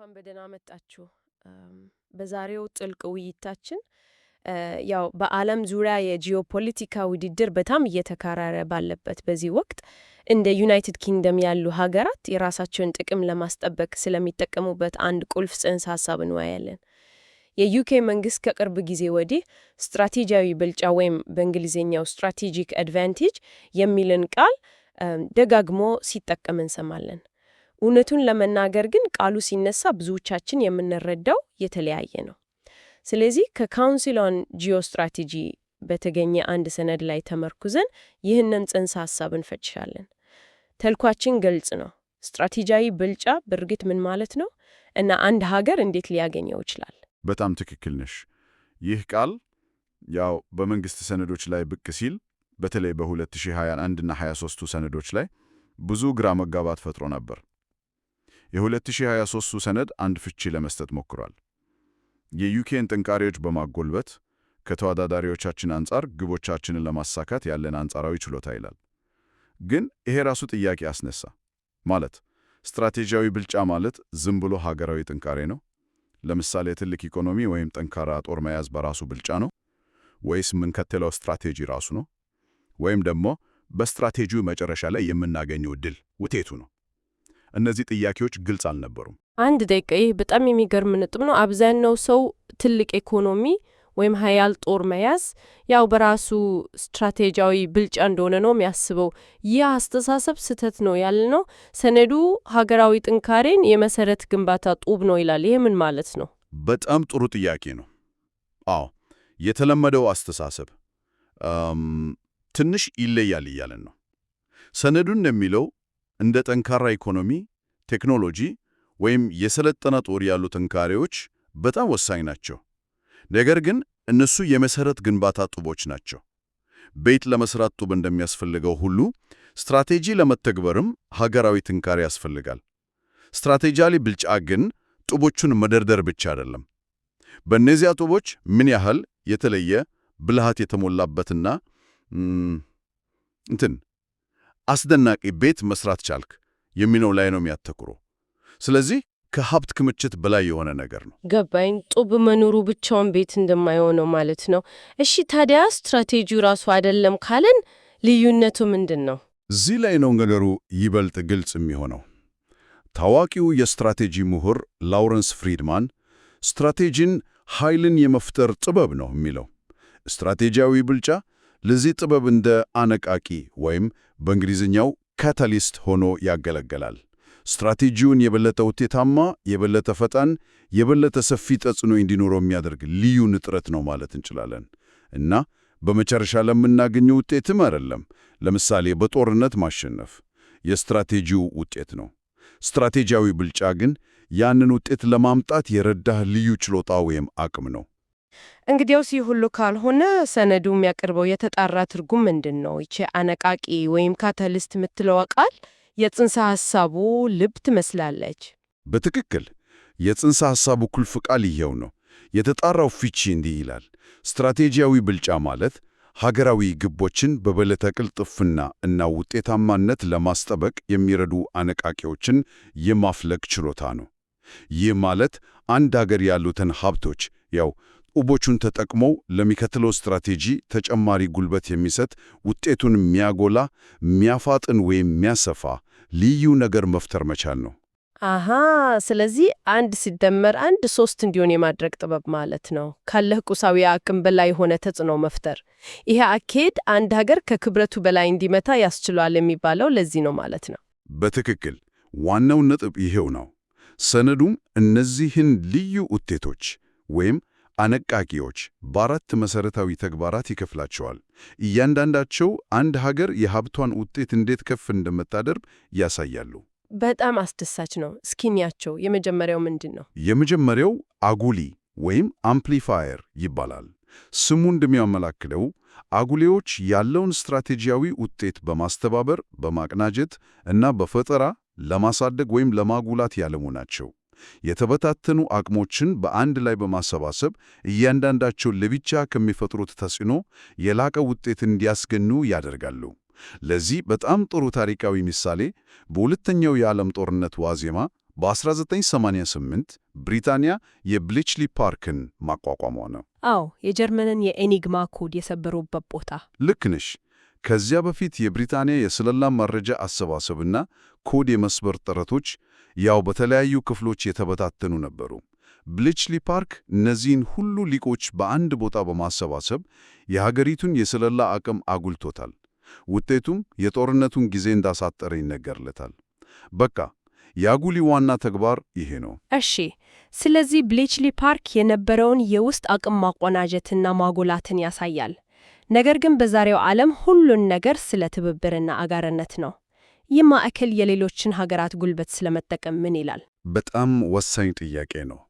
እንኳን በደህና መጣችሁ። በዛሬው ጥልቅ ውይይታችን ያው በዓለም ዙሪያ የጂኦፖለቲካ ውድድር በጣም እየተካረረ ባለበት በዚህ ወቅት እንደ ዩናይትድ ኪንግደም ያሉ ሀገራት የራሳቸውን ጥቅም ለማስጠበቅ ስለሚጠቀሙበት አንድ ቁልፍ ጽንሰ ሀሳብ እንዋያለን። የዩኬ መንግስት ከቅርብ ጊዜ ወዲህ ስትራቴጂያዊ ብልጫ ወይም በእንግሊዝኛው ስትራቴጂክ አድቫንቴጅ የሚልን ቃል ደጋግሞ ሲጠቀም እንሰማለን። እውነቱን ለመናገር ግን ቃሉ ሲነሳ ብዙዎቻችን የምንረዳው የተለያየ ነው። ስለዚህ ከካውንሲል ኦን ጂኦስትራቴጂ በተገኘ አንድ ሰነድ ላይ ተመርኩዘን ይህንን ጽንሰ ሀሳብ እንፈትሻለን። ተልኳችን ግልጽ ነው። ስትራቴጂያዊ ብልጫ በእርግጥ ምን ማለት ነው እና አንድ ሀገር እንዴት ሊያገኘው ይችላል? በጣም ትክክል ነሽ። ይህ ቃል ያው በመንግስት ሰነዶች ላይ ብቅ ሲል በተለይ በ2021ና 23ቱ ሰነዶች ላይ ብዙ ግራ መጋባት ፈጥሮ ነበር። የ2023ቱ ሰነድ አንድ ፍቺ ለመስጠት ሞክሯል። የዩኬን ጥንካሬዎች በማጎልበት ከተወዳዳሪዎቻችን አንጻር ግቦቻችንን ለማሳካት ያለን አንጻራዊ ችሎታ ይላል። ግን ይሄ ራሱ ጥያቄ አስነሳ። ማለት ስትራቴጂያዊ ብልጫ ማለት ዝም ብሎ ሀገራዊ ጥንካሬ ነው? ለምሳሌ ትልቅ ኢኮኖሚ ወይም ጠንካራ ጦር መያዝ በራሱ ብልጫ ነው? ወይስ የምንከተለው ስትራቴጂ ራሱ ነው? ወይም ደግሞ በስትራቴጂው መጨረሻ ላይ የምናገኘው ድል ውጤቱ ነው? እነዚህ ጥያቄዎች ግልጽ አልነበሩም። አንድ ደቂቃ። ይህ በጣም የሚገርም ነጥብ ነው። አብዛኛው ሰው ትልቅ ኢኮኖሚ ወይም ሀያል ጦር መያዝ ያው በራሱ ስትራቴጂያዊ ብልጫ እንደሆነ ነው የሚያስበው። ይህ አስተሳሰብ ስህተት ነው ያለ ነው። ሰነዱ ሀገራዊ ጥንካሬን የመሰረት ግንባታ ጡብ ነው ይላል። ይህ ምን ማለት ነው? በጣም ጥሩ ጥያቄ ነው። አዎ የተለመደው አስተሳሰብ ትንሽ ይለያል እያለን ነው። ሰነዱ እንደሚለው እንደ ጠንካራ ኢኮኖሚ፣ ቴክኖሎጂ ወይም የሰለጠነ ጦር ያሉ ጥንካሬዎች በጣም ወሳኝ ናቸው። ነገር ግን እነሱ የመሰረት ግንባታ ጡቦች ናቸው። ቤት ለመስራት ጡብ እንደሚያስፈልገው ሁሉ ስትራቴጂ ለመተግበርም ሀገራዊ ጥንካሬ ያስፈልጋል። ስትራቴጂያሊ ብልጫ ግን ጡቦቹን መደርደር ብቻ አይደለም። በእነዚያ ጡቦች ምን ያህል የተለየ ብልሃት የተሞላበትና እንትን አስደናቂ ቤት መስራት ቻልክ የሚለው ላይ ነው የሚያተኩሮ ስለዚህ ከሀብት ክምችት በላይ የሆነ ነገር ነው። ገባኝ። ጡብ መኖሩ ብቻውን ቤት እንደማይሆነው ማለት ነው። እሺ፣ ታዲያ ስትራቴጂው ራሱ አይደለም ካለን ልዩነቱ ምንድን ነው? እዚህ ላይ ነው ነገሩ ይበልጥ ግልጽ የሚሆነው። ታዋቂው የስትራቴጂ ምሁር ላውረንስ ፍሪድማን ስትራቴጂን ኃይልን የመፍጠር ጥበብ ነው የሚለው። ስትራቴጂያዊ ብልጫ ለዚህ ጥበብ እንደ አነቃቂ ወይም በእንግሊዝኛው ካታሊስት ሆኖ ያገለግላል። ስትራቴጂውን የበለጠ ውጤታማ፣ የበለጠ ፈጣን፣ የበለጠ ሰፊ ተጽዕኖ እንዲኖረው የሚያደርግ ልዩ ንጥረት ነው ማለት እንችላለን እና በመጨረሻ ለምናገኘው ውጤትም አይደለም። ለምሳሌ በጦርነት ማሸነፍ የስትራቴጂው ውጤት ነው። ስትራቴጂያዊ ብልጫ ግን ያንን ውጤት ለማምጣት የረዳህ ልዩ ችሎታ ወይም አቅም ነው። እንግዲያውስ ይህ ሁሉ ካልሆነ ሰነዱ የሚያቀርበው የተጣራ ትርጉም ምንድን ነው? ይቺ አነቃቂ ወይም ካታሊስት የምትለዋ ቃል የጽንሰ ሐሳቡ ልብ ትመስላለች። በትክክል የጽንሰ ሐሳቡ ቁልፍ ቃል ይኸው ነው። የተጣራው ፍቺ እንዲህ ይላል። ስትራቴጂያዊ ብልጫ ማለት ሀገራዊ ግቦችን በበለጠ ቅልጥፍና እና ውጤታማነት ለማስጠበቅ የሚረዱ አነቃቂዎችን የማፍለቅ ችሎታ ነው። ይህ ማለት አንድ ሀገር ያሉትን ሀብቶች ያው ጡቦቹን ተጠቅሞ ለሚከተለው ስትራቴጂ ተጨማሪ ጉልበት የሚሰጥ ውጤቱን የሚያጎላ የሚያፋጥን ወይም የሚያሰፋ ልዩ ነገር መፍጠር መቻል ነው። አሃ ስለዚህ አንድ ሲደመር አንድ ሶስት እንዲሆን የማድረግ ጥበብ ማለት ነው። ካለህ ቁሳዊ አቅም በላይ የሆነ ተጽዕኖ መፍጠር። ይሄ አካሄድ አንድ ሀገር ከክብረቱ በላይ እንዲመታ ያስችሏል የሚባለው ለዚህ ነው ማለት ነው። በትክክል ዋናው ነጥብ ይሄው ነው። ሰነዱም እነዚህን ልዩ ውጤቶች ወይም አነቃቂዎች በአራት መሠረታዊ ተግባራት ይከፍላቸዋል። እያንዳንዳቸው አንድ ሀገር የሀብቷን ውጤት እንዴት ከፍ እንደምታደርግ ያሳያሉ። በጣም አስደሳች ነው። እስኪኒያቸው የመጀመሪያው ምንድን ነው? የመጀመሪያው አጉሊ ወይም አምፕሊፋየር ይባላል። ስሙ እንደሚያመላክተው አጉሌዎች ያለውን ስትራቴጂያዊ ውጤት በማስተባበር በማቅናጀት እና በፈጠራ ለማሳደግ ወይም ለማጉላት ያለሙ ናቸው። የተበታተኑ አቅሞችን በአንድ ላይ በማሰባሰብ እያንዳንዳቸው ለብቻ ከሚፈጥሩት ተጽዕኖ የላቀ ውጤት እንዲያስገኙ ያደርጋሉ። ለዚህ በጣም ጥሩ ታሪካዊ ምሳሌ በሁለተኛው የዓለም ጦርነት ዋዜማ በ1988 ብሪታንያ የብሊችሊ ፓርክን ማቋቋሟ ነው። አዎ፣ የጀርመንን የኤኒግማ ኮድ የሰበሩበት ቦታ ልክ ነሽ። ከዚያ በፊት የብሪታንያ የስለላ መረጃ አሰባሰብና ኮድ የመስበር ጥረቶች ያው በተለያዩ ክፍሎች የተበታተኑ ነበሩ። ብሊችሊ ፓርክ እነዚህን ሁሉ ሊቆች በአንድ ቦታ በማሰባሰብ የሀገሪቱን የስለላ አቅም አጉልቶታል። ውጤቱም የጦርነቱን ጊዜ እንዳሳጠረ ይነገርለታል። በቃ የአጉሊ ዋና ተግባር ይሄ ነው። እሺ፣ ስለዚህ ብሊችሊ ፓርክ የነበረውን የውስጥ አቅም ማቆናጀትና ማጎላትን ያሳያል። ነገር ግን በዛሬው ዓለም ሁሉን ነገር ስለ ትብብርና አጋርነት ነው። ይህ ማዕከል የሌሎችን ሀገራት ጉልበት ስለመጠቀም ምን ይላል? በጣም ወሳኝ ጥያቄ ነው።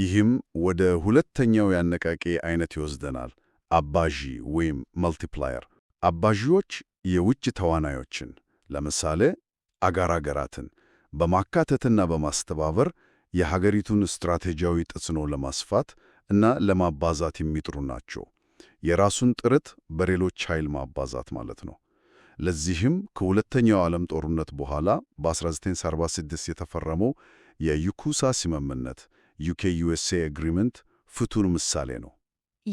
ይህም ወደ ሁለተኛው ያነቃቂ አይነት ይወስደናል፣ አባዢ ወይም መልቲፕላየር። አባዢዎች የውጭ ተዋናዮችን ለምሳሌ አጋር አገራትን በማካተትና በማስተባበር የሀገሪቱን ስትራቴጂያዊ ተጽዕኖ ለማስፋት እና ለማባዛት የሚጥሩ ናቸው። የራሱን ጥረት በሌሎች ኃይል ማባዛት ማለት ነው። ለዚህም ከሁለተኛው ዓለም ጦርነት በኋላ በ1946 የተፈረመው የዩኩሳ ስምምነት ዩኬ ዩኤስኤ አግሪመንት ፍቱን ምሳሌ ነው።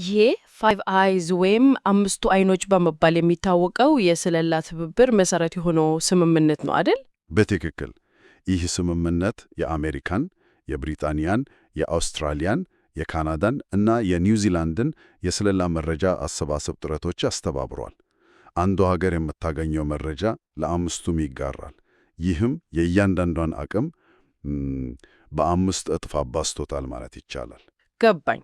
ይሄ ፋይቭ አይዝ ወይም አምስቱ አይኖች በመባል የሚታወቀው የስለላ ትብብር መሰረት የሆነው ስምምነት ነው አደል? በትክክል ይህ ስምምነት የአሜሪካን፣ የብሪታንያን፣ የአውስትራሊያን፣ የካናዳን እና የኒውዚላንድን የስለላ መረጃ አሰባሰብ ጥረቶች አስተባብሯል። አንዱ ሀገር የምታገኘው መረጃ ለአምስቱም ይጋራል። ይህም የእያንዳንዷን አቅም በአምስት እጥፍ አባስቶታል ማለት ይቻላል። ገባኝ።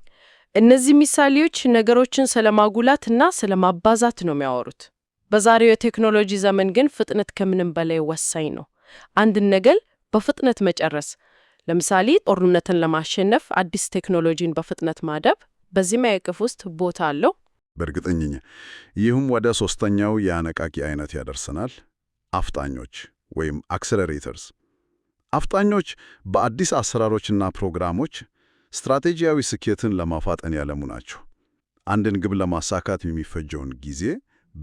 እነዚህ ምሳሌዎች ነገሮችን ስለማጉላት እና ስለማባዛት ነው የሚያወሩት። በዛሬው የቴክኖሎጂ ዘመን ግን ፍጥነት ከምንም በላይ ወሳኝ ነው። አንድን ነገር በፍጥነት መጨረስ፣ ለምሳሌ ጦርነትን ለማሸነፍ አዲስ ቴክኖሎጂን በፍጥነት ማደብ በዚህ ማዕቀፍ ውስጥ ቦታ አለው። በእርግጠኝኝ ይህም ወደ ሶስተኛው የአነቃቂ አይነት ያደርሰናል፣ አፍጣኞች ወይም አክሰለሬተርስ። አፍጣኞች በአዲስ አሰራሮችና ፕሮግራሞች ስትራቴጂያዊ ስኬትን ለማፋጠን ያለሙ ናቸው። አንድን ግብ ለማሳካት የሚፈጀውን ጊዜ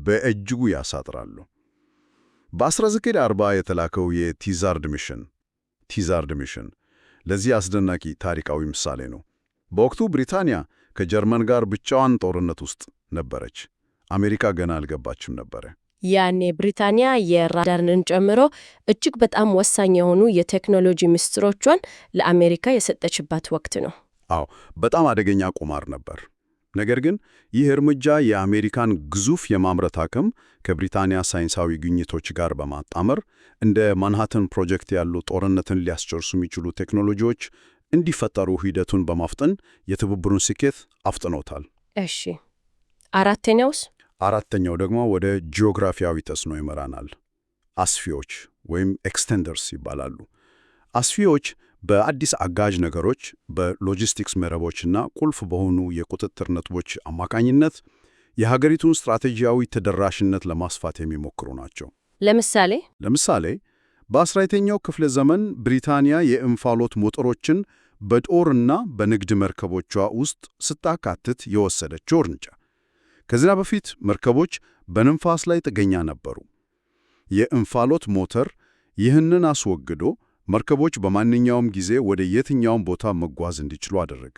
በእጅጉ ያሳጥራሉ። በ1940 የተላከው የቲዛርድ ሚሽን ቲዛርድ ሚሽን ለዚህ አስደናቂ ታሪካዊ ምሳሌ ነው። በወቅቱ ብሪታንያ ከጀርመን ጋር ብቻዋን ጦርነት ውስጥ ነበረች። አሜሪካ ገና አልገባችም ነበረ። ያኔ ብሪታንያ የራዳርን ጨምሮ እጅግ በጣም ወሳኝ የሆኑ የቴክኖሎጂ ምስጢሮቿን ለአሜሪካ የሰጠችባት ወቅት ነው። አዎ በጣም አደገኛ ቁማር ነበር። ነገር ግን ይህ እርምጃ የአሜሪካን ግዙፍ የማምረት አቅም ከብሪታንያ ሳይንሳዊ ግኝቶች ጋር በማጣመር እንደ ማንሃተን ፕሮጀክት ያሉ ጦርነትን ሊያስጨርሱ የሚችሉ ቴክኖሎጂዎች እንዲፈጠሩ ሂደቱን በማፍጠን የትብብሩን ስኬት አፍጥኖታል። እሺ አራተኛውስ? አራተኛው ደግሞ ወደ ጂኦግራፊያዊ ተጽዕኖ ይመራናል። አስፊዎች ወይም ኤክስቴንደርስ ይባላሉ። አስፊዎች በአዲስ አጋዥ ነገሮች በሎጂስቲክስ መረቦችና ቁልፍ በሆኑ የቁጥጥር ነጥቦች አማካኝነት የሀገሪቱን ስትራቴጂያዊ ተደራሽነት ለማስፋት የሚሞክሩ ናቸው። ለምሳሌ ለምሳሌ በ19ኛው ክፍለ ዘመን ብሪታንያ የእንፋሎት ሞተሮችን በጦርና በንግድ መርከቦቿ ውስጥ ስታካትት የወሰደችው እርምጃ ከዚያ በፊት መርከቦች በንፋስ ላይ ጥገኛ ነበሩ። የእንፋሎት ሞተር ይህንን አስወግዶ መርከቦች በማንኛውም ጊዜ ወደ የትኛውም ቦታ መጓዝ እንዲችሉ አደረገ።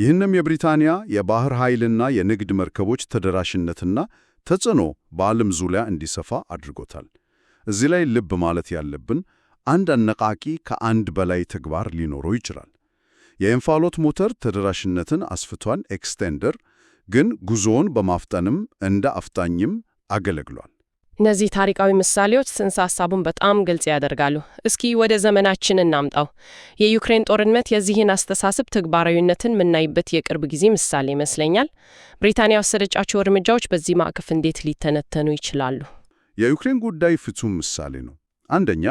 ይህንም የብሪታንያ የባህር ኃይልና የንግድ መርከቦች ተደራሽነትና ተጽዕኖ በዓለም ዙሪያ እንዲሰፋ አድርጎታል። እዚህ ላይ ልብ ማለት ያለብን አንድ አነቃቂ ከአንድ በላይ ተግባር ሊኖረው ይችላል። የእንፋሎት ሞተር ተደራሽነትን አስፍቷል ኤክስቴንደር ግን ጉዞውን በማፍጠንም እንደ አፍታኝም አገለግሏል። እነዚህ ታሪካዊ ምሳሌዎች ጽንሰ ሀሳቡን በጣም ግልጽ ያደርጋሉ። እስኪ ወደ ዘመናችን እናምጣው። የዩክሬን ጦርነት የዚህን አስተሳሰብ ተግባራዊነትን የምናይበት የቅርብ ጊዜ ምሳሌ ይመስለኛል። ብሪታንያ ወሰደቻቸው እርምጃዎች በዚህ ማዕቀፍ እንዴት ሊተነተኑ ይችላሉ? የዩክሬን ጉዳይ ፍጹም ምሳሌ ነው። አንደኛ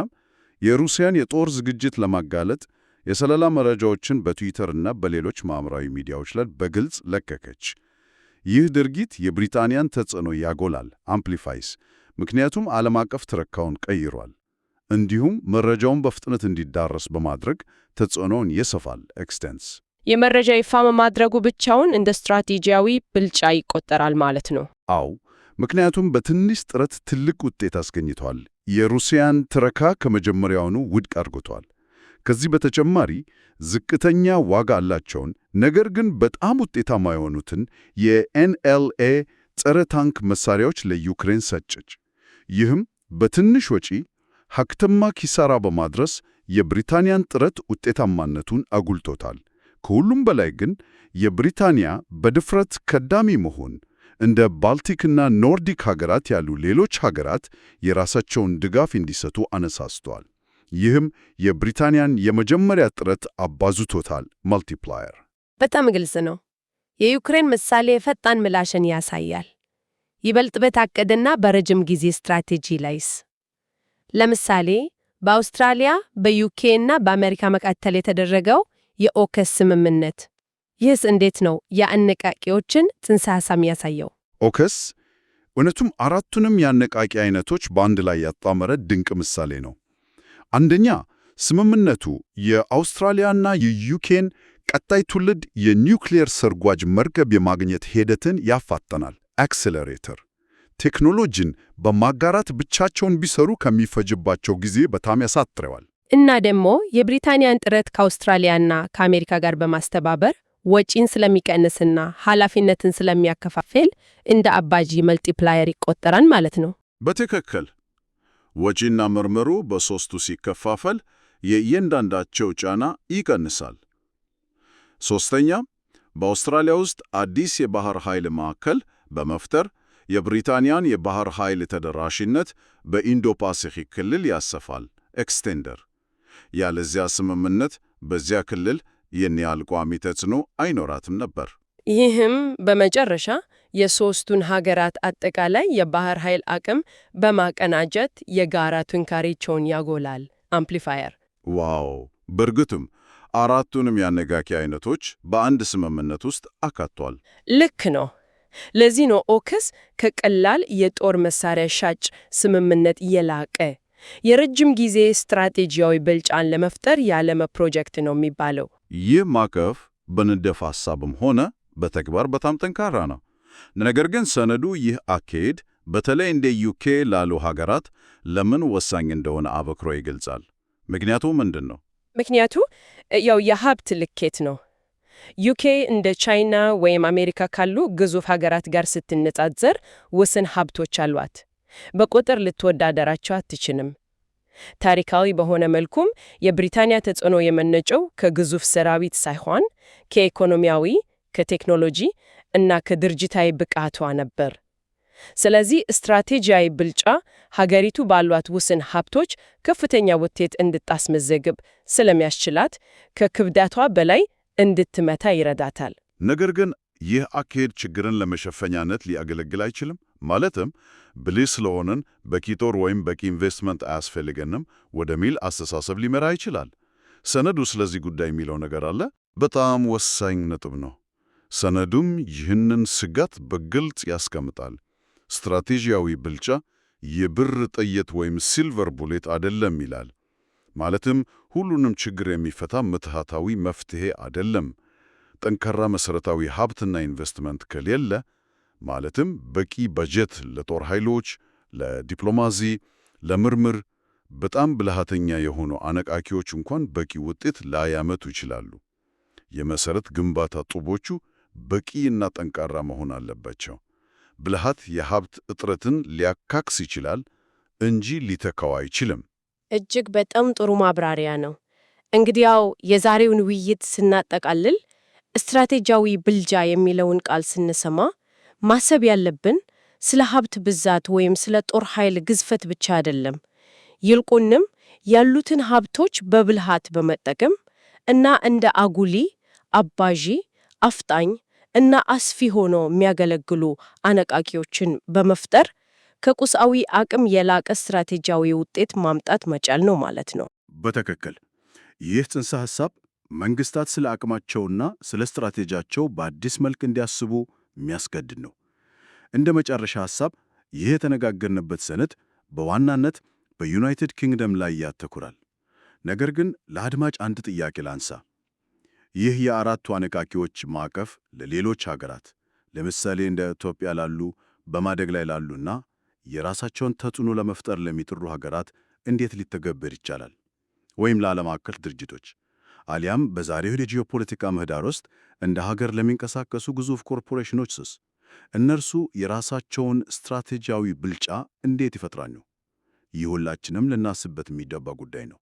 የሩሲያን የጦር ዝግጅት ለማጋለጥ የሰለላ መረጃዎችን በትዊተር እና በሌሎች ማኅበራዊ ሚዲያዎች ላይ በግልጽ ለቀቀች። ይህ ድርጊት የብሪታንያን ተጽዕኖ ያጎላል አምፕሊፋይስ፣ ምክንያቱም ዓለም አቀፍ ትረካውን ቀይሯል። እንዲሁም መረጃውን በፍጥነት እንዲዳረስ በማድረግ ተጽዕኖውን ይሰፋል ኤክስቴንስ። የመረጃ ይፋ ማድረጉ ብቻውን እንደ ስትራቴጂያዊ ብልጫ ይቆጠራል ማለት ነው። አው ምክንያቱም በትንሽ ጥረት ትልቅ ውጤት አስገኝቷል። የሩሲያን ትረካ ከመጀመሪያውኑ ውድቅ አድርጎቷል። ከዚህ በተጨማሪ ዝቅተኛ ዋጋ አላቸውን ነገር ግን በጣም ውጤታማ የሆኑትን የኤንኤልኤ ጸረ ታንክ መሳሪያዎች ለዩክሬን ሰጨች። ይህም በትንሽ ወጪ ሀክተማ ኪሳራ በማድረስ የብሪታንያን ጥረት ውጤታማነቱን አጉልቶታል። ከሁሉም በላይ ግን የብሪታንያ በድፍረት ቀዳሚ መሆን እንደ ባልቲክና ኖርዲክ ሀገራት ያሉ ሌሎች ሀገራት የራሳቸውን ድጋፍ እንዲሰጡ አነሳስቷል። ይህም የብሪታንያን የመጀመሪያ ጥረት አባዙቶታል። ማልቲፕላየር በጣም ግልጽ ነው። የዩክሬን ምሳሌ ፈጣን ምላሽን ያሳያል። ይበልጥ በታቀደና በረጅም ጊዜ ስትራቴጂ ላይስ ለምሳሌ በአውስትራሊያ በዩኬ እና በአሜሪካ መካከል የተደረገው የኦከስ ስምምነት ይህስ እንዴት ነው የአነቃቂዎችን ጽንሰ ሐሳብ የሚያሳየው? ኦከስ እውነቱም አራቱንም የአነቃቂ አይነቶች በአንድ ላይ ያጣመረ ድንቅ ምሳሌ ነው። አንደኛ ስምምነቱ የአውስትራሊያና የዩኬን ቀጣይ ትውልድ የኒውክሌር ሰርጓጅ መርከብ የማግኘት ሂደትን ያፋጠናል። አክሰለሬተር ቴክኖሎጂን በማጋራት ብቻቸውን ቢሰሩ ከሚፈጅባቸው ጊዜ በጣም ያሳጥረዋል። እና ደግሞ የብሪታንያን ጥረት ከአውስትራሊያና ከአሜሪካ ጋር በማስተባበር ወጪን ስለሚቀንስና ኃላፊነትን ስለሚያከፋፍል እንደ አባጂ መልቲፕላየር ይቆጠራል ማለት ነው። በትክክል ወጪና ምርምሩ በሦስቱ ሲከፋፈል የእያንዳንዳቸው ጫና ይቀንሳል። ሶስተኛ፣ በአውስትራሊያ ውስጥ አዲስ የባህር ኃይል ማዕከል በመፍጠር የብሪታንያን የባህር ኃይል ተደራሽነት በኢንዶ ፓሲፊክ ክልል ያሰፋል። ኤክስቴንደር ያለዚያ ስምምነት በዚያ ክልል የኒያል ቋሚ ተጽዕኖ አይኖራትም ነበር። ይህም በመጨረሻ የሶስቱን ሀገራት አጠቃላይ የባህር ኃይል አቅም በማቀናጀት የጋራ ጥንካሬያቸውን ያጎላል። አምፕሊፋየር ዋው! በእርግጥም አራቱንም የአነጋኪ አይነቶች በአንድ ስምምነት ውስጥ አካቷል። ልክ ነው። ለዚህ ነው ኦክስ ከቀላል የጦር መሳሪያ ሻጭ ስምምነት የላቀ የረጅም ጊዜ ስትራቴጂያዊ ብልጫን ለመፍጠር ያለመ ፕሮጀክት ነው የሚባለው። ይህ ማዕቀፍ በንድፈ ሐሳብም ሆነ በተግባር በጣም ጠንካራ ነው። ነገር ግን ሰነዱ ይህ አካሄድ በተለይ እንደ ዩኬ ላሉ ሀገራት ለምን ወሳኝ እንደሆነ አበክሮ ይገልጻል። ምክንያቱ ምንድን ነው? ምክንያቱ ያው የሀብት ልኬት ነው። ዩኬ እንደ ቻይና ወይም አሜሪካ ካሉ ግዙፍ ሀገራት ጋር ስትነጻዘር ውስን ሀብቶች አሏት። በቁጥር ልትወዳደራቸው አትችልም። ታሪካዊ በሆነ መልኩም የብሪታንያ ተጽዕኖ የመነጨው ከግዙፍ ሰራዊት ሳይሆን ከኢኮኖሚያዊ፣ ከቴክኖሎጂ እና ከድርጅታዊ ብቃቷ ነበር። ስለዚህ ስትራቴጂያዊ ብልጫ ሀገሪቱ ባሏት ውስን ሀብቶች ከፍተኛ ውጤት እንድታስመዘግብ ስለሚያስችላት ከክብዳቷ በላይ እንድትመታ ይረዳታል። ነገር ግን ይህ አካሄድ ችግርን ለመሸፈኛነት ሊያገለግል አይችልም። ማለትም ብልህ ስለሆንን በቂ ጦር ወይም በቂ ኢንቨስትመንት አያስፈልገንም ወደሚል አስተሳሰብ ሊመራ ይችላል። ሰነዱ ስለዚህ ጉዳይ የሚለው ነገር አለ። በጣም ወሳኝ ነጥብ ነው። ሰነዱም ይህንን ስጋት በግልጽ ያስቀምጣል። ስትራቴጂያዊ ብልጫ የብር ጥይት ወይም ሲልቨር ቡሌት አይደለም ይላል። ማለትም ሁሉንም ችግር የሚፈታ ምትሃታዊ መፍትሄ አይደለም። ጠንካራ መሠረታዊ ሀብትና ኢንቨስትመንት ከሌለ ማለትም በቂ በጀት ለጦር ኃይሎች፣ ለዲፕሎማሲ፣ ለምርምር በጣም ብልሃተኛ የሆኑ አነቃቂዎች እንኳን በቂ ውጤት ላያመቱ ይችላሉ። የመሠረት ግንባታ ጡቦቹ በቂ እና ጠንካራ መሆን አለባቸው። ብልሃት የሀብት እጥረትን ሊያካክስ ይችላል እንጂ ሊተካው አይችልም። እጅግ በጣም ጥሩ ማብራሪያ ነው። እንግዲያው የዛሬውን ውይይት ስናጠቃልል ስትራቴጂያዊ ብልጃ የሚለውን ቃል ስንሰማ ማሰብ ያለብን ስለ ሀብት ብዛት ወይም ስለ ጦር ኃይል ግዝፈት ብቻ አይደለም። ይልቁንም ያሉትን ሀብቶች በብልሃት በመጠቀም እና እንደ አጉሊ አባዢ አፍጣኝ እና አስፊ ሆኖ የሚያገለግሉ አነቃቂዎችን በመፍጠር ከቁሳዊ አቅም የላቀ ስትራቴጂያዊ ውጤት ማምጣት መቻል ነው ማለት ነው። በትክክል ይህ ጽንሰ ሐሳብ መንግስታት ስለ አቅማቸውና ስለ ስትራቴጂያቸው በአዲስ መልክ እንዲያስቡ የሚያስገድድ ነው። እንደ መጨረሻ ሐሳብ ይህ የተነጋገርንበት ሰነድ በዋናነት በዩናይትድ ኪንግደም ላይ ያተኩራል። ነገር ግን ለአድማጭ አንድ ጥያቄ ላንሳ። ይህ የአራቱ አነቃቂዎች ማዕቀፍ ለሌሎች ሀገራት ለምሳሌ እንደ ኢትዮጵያ ላሉ በማደግ ላይ ላሉና የራሳቸውን ተጽዕኖ ለመፍጠር ለሚጥሩ ሀገራት እንዴት ሊተገበር ይቻላል? ወይም ለዓለም አቀፍ ድርጅቶች አሊያም በዛሬው የጂኦፖለቲካ ምህዳር ውስጥ እንደ ሀገር ለሚንቀሳቀሱ ግዙፍ ኮርፖሬሽኖች ስስ እነርሱ የራሳቸውን ስትራቴጂያዊ ብልጫ እንዴት ይፈጥራሉ? ይህ ሁላችንም ልናስበት የሚገባ ጉዳይ ነው።